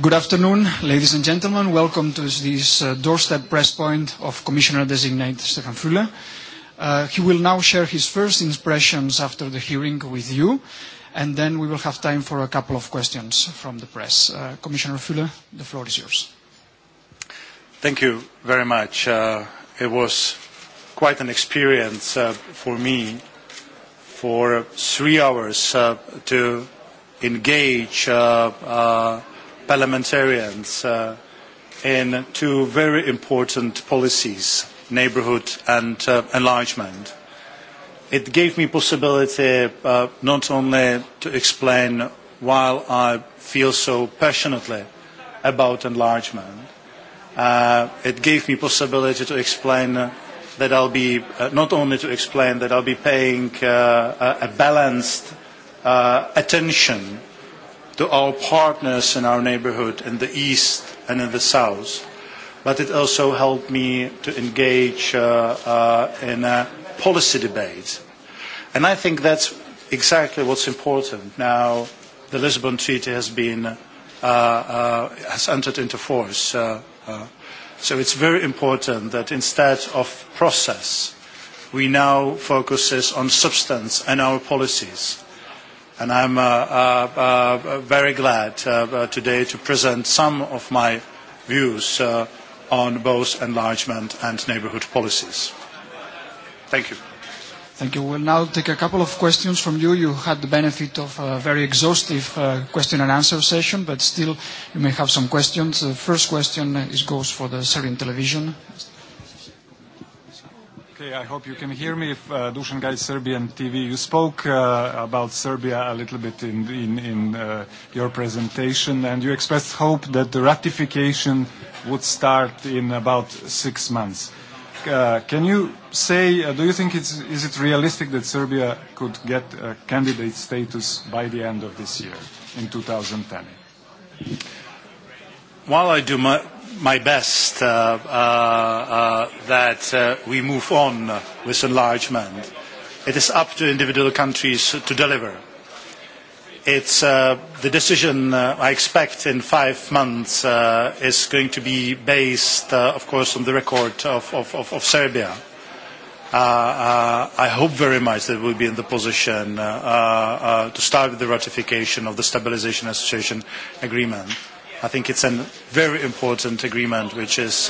Good afternoon, ladies and gentlemen. Welcome to this doorstep press point of Commissioner-designate Stefan Fülle. he will now share his first impressions after the hearing with you, and then we will have time for a couple of questions from the press. Commissioner Fülle, the floor is yours. Thank you very much. it was quite an experience for me for three hours to engage parliamentarians in two very important policies, neighbourhood and enlargement. It gave me the possibility not only to explain why I feel so passionately about enlargement, it gave me the possibility to explain that I'll be, not only to explain that I'll be paying a balanced attention to our partners in our neighborhood in the east and in the south. But it also helped me to engage uh, uh, in a policy debate. And I think that's exactly what's important. Now, the Lisbon Treaty has been uh, uh, has entered into force. Uh, uh, so it's very important that instead of process, we now focus on substance and our policies And I'm uh, uh, uh, very glad uh, uh, today to present some of my views uh, on both enlargement and neighbourhood policies. Thank you. Thank you. We'll now take a couple of questions from you. You had the benefit of a very exhaustive uh, question and answer session, but still you may have some questions. The first question is, goes for the Serbian television. Mr. Okay, I hope you can hear me. If, uh, Dusan Gaj, Serbian TV, you spoke uh, about Serbia a little bit in, in, in uh, your presentation, and you expressed hope that the ratification would start in about six months. Uh, can you say, uh, do you think it's, is it realistic that Serbia could get a candidate status by the end of this year, in 2010? While I do my, my best uh, uh, uh, that uh, we move on with enlargement. It is up to individual countries to deliver. It's, uh, the decision uh, I expect in five months uh, is going to be based, uh, of course, on the record of, of, of, of Serbia. Uh, uh, I hope very much that we'll be in the position uh, uh, to start with the ratification of the Stabilization Association Agreement I think it's a very important agreement which is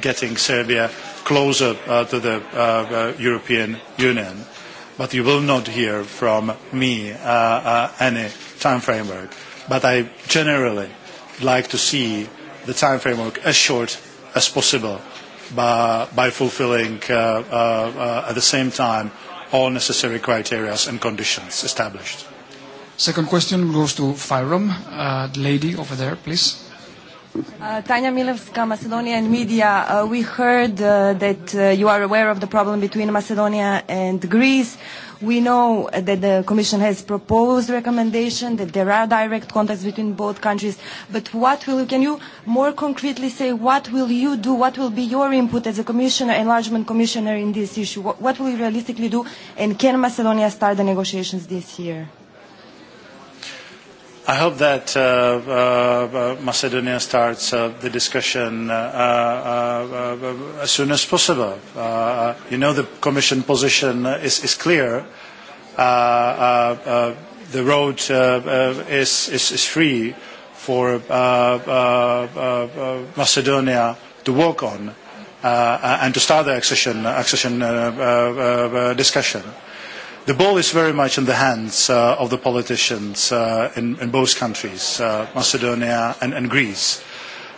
getting Serbia closer to the European Union. But you will not hear from me any time framework. But I generally like to see the time framework as short as possible by, by fulfilling at the same time all necessary criteria and conditions established. Second question goes to Fyrom. Uh, lady over there, please. Uh, Tanya Milevska, Macedonian media. Uh, we heard uh, that uh, you are aware of the problem between Macedonia and Greece. We know that the Commission has proposed recommendation, that there are direct contacts between both countries. But what will you, can you more concretely say what will you do, what will be your input as a Commissioner, Enlargement Commissioner in this issue? What, what will you realistically do, and can Macedonia start the negotiations this year? I hope that uh, uh, Macedonia starts uh, the discussion uh, uh, as soon as possible. Uh, you know the Commission position is, is clear. Uh, uh, uh, the road uh, uh, is, is, is free for uh, uh, uh, Macedonia to work on uh, and to start the accession, accession uh, uh, uh, discussion. Uh, the ball is very much in the hands uh, of the politicians uh, in, in both countries, uh, Macedonia and, and Greece.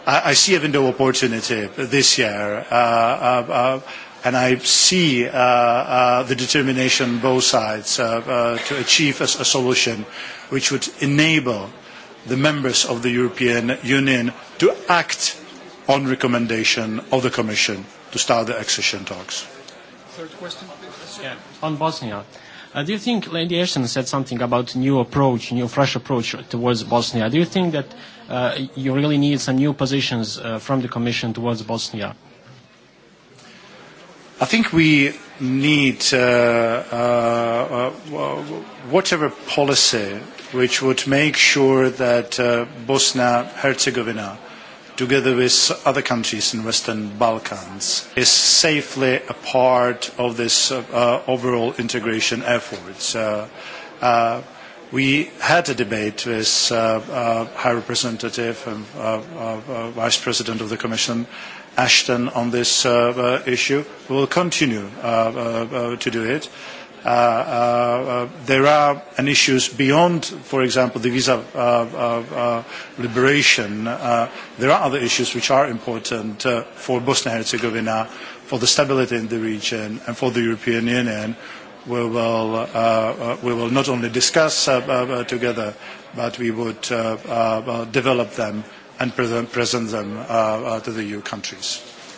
I, I see a window of opportunity this year, uh, uh, and I see uh, uh, the determination on both sides uh, uh, to achieve a, a solution which would enable the members of the European Union to act on recommendation of the Commission to start the accession talks. Third question, please. Yeah, on Bosnia. Uh, do you think Lady Ashton said something about new approach, new fresh approach towards Bosnia? Do you think that uh, you really need some new positions uh, from the Commission towards Bosnia? I think we need uh, uh, uh, whatever policy which would make sure that uh, Bosnia-Herzegovina together with other countries in Western Balkans, is safely a part of this uh, overall integration effort. Uh, uh, we had a debate with uh, uh, High Representative and uh, uh, uh, Vice President of the Commission, Ashton, on this uh, uh, issue. We will continue uh, uh, to do it there are issues beyond, for example, the visa liberation. there are other issues which are important for Bosnia and Herzegovina, for the stability in the region, and for the European Union. We will, not only discuss together, but we would develop them and present, them to the EU countries.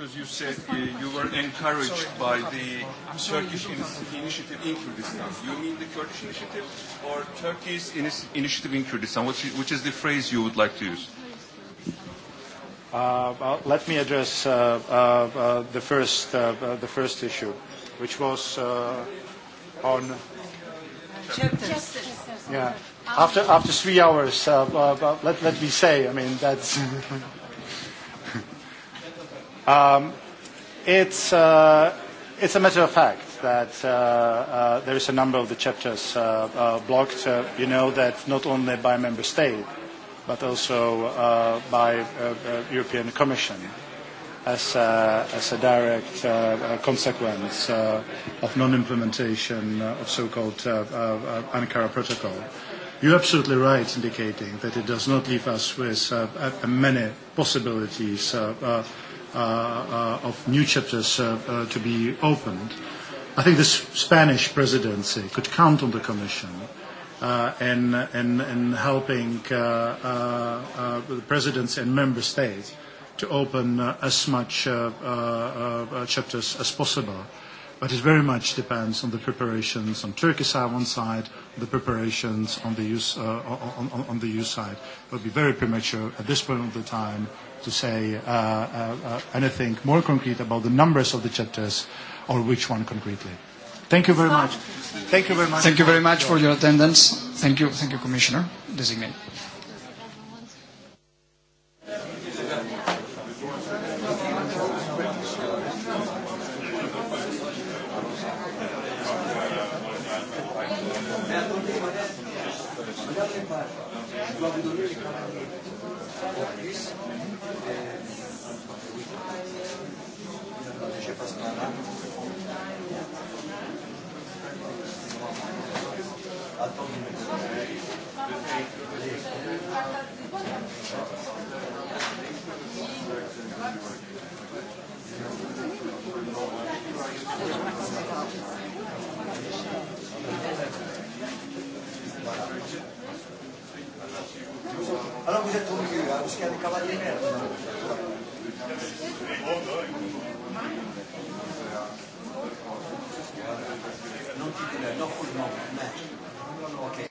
because you said uh, you were encouraged sorry, by the Turkish in initiative in Kurdistan. You mean the Kurdish initiative or Turkey's in initiative in Kurdistan, which, which is the phrase you would like to use? Uh, well, let me address uh, uh, uh, the first uh, the first issue, which was uh, on. Yeah. After after three hours, uh, uh, let let me say, I mean that's. Um, it's, uh, it's a matter of fact that uh, uh, there is a number of the chapters uh, uh, blocked. Uh, you know that not only by member state, but also uh, by uh, uh, European Commission as a, as a direct uh, consequence uh, of non-implementation of so-called uh, uh, Ankara Protocol. You're absolutely right indicating that it does not leave us with uh, many possibilities uh, uh, uh, of new chapters uh, uh, to be opened. I think the Spanish presidency could count on the Commission uh, in, in, in helping uh, uh, uh, the presidency and member states to open uh, as much uh, uh, uh, chapters as possible but it very much depends on the preparations on Turkey side one side, the preparations on the use uh, on, on, on the EU side. It would be very premature at this point of the time to say uh, uh, uh, anything more concrete about the numbers of the chapters or which one concretely. Thank you very much. Thank you very much. Thank you very much for your attendance. Thank you, thank you, Commissioner Designate. Madame Lepage, je dois vous donner les calendriers. Office. Attendez, je passe par là. Attendez, mais... Adam bize tur gibi ya. Biz kendi kabar yemeyelim. Non titulaire, non full, non no. Ok.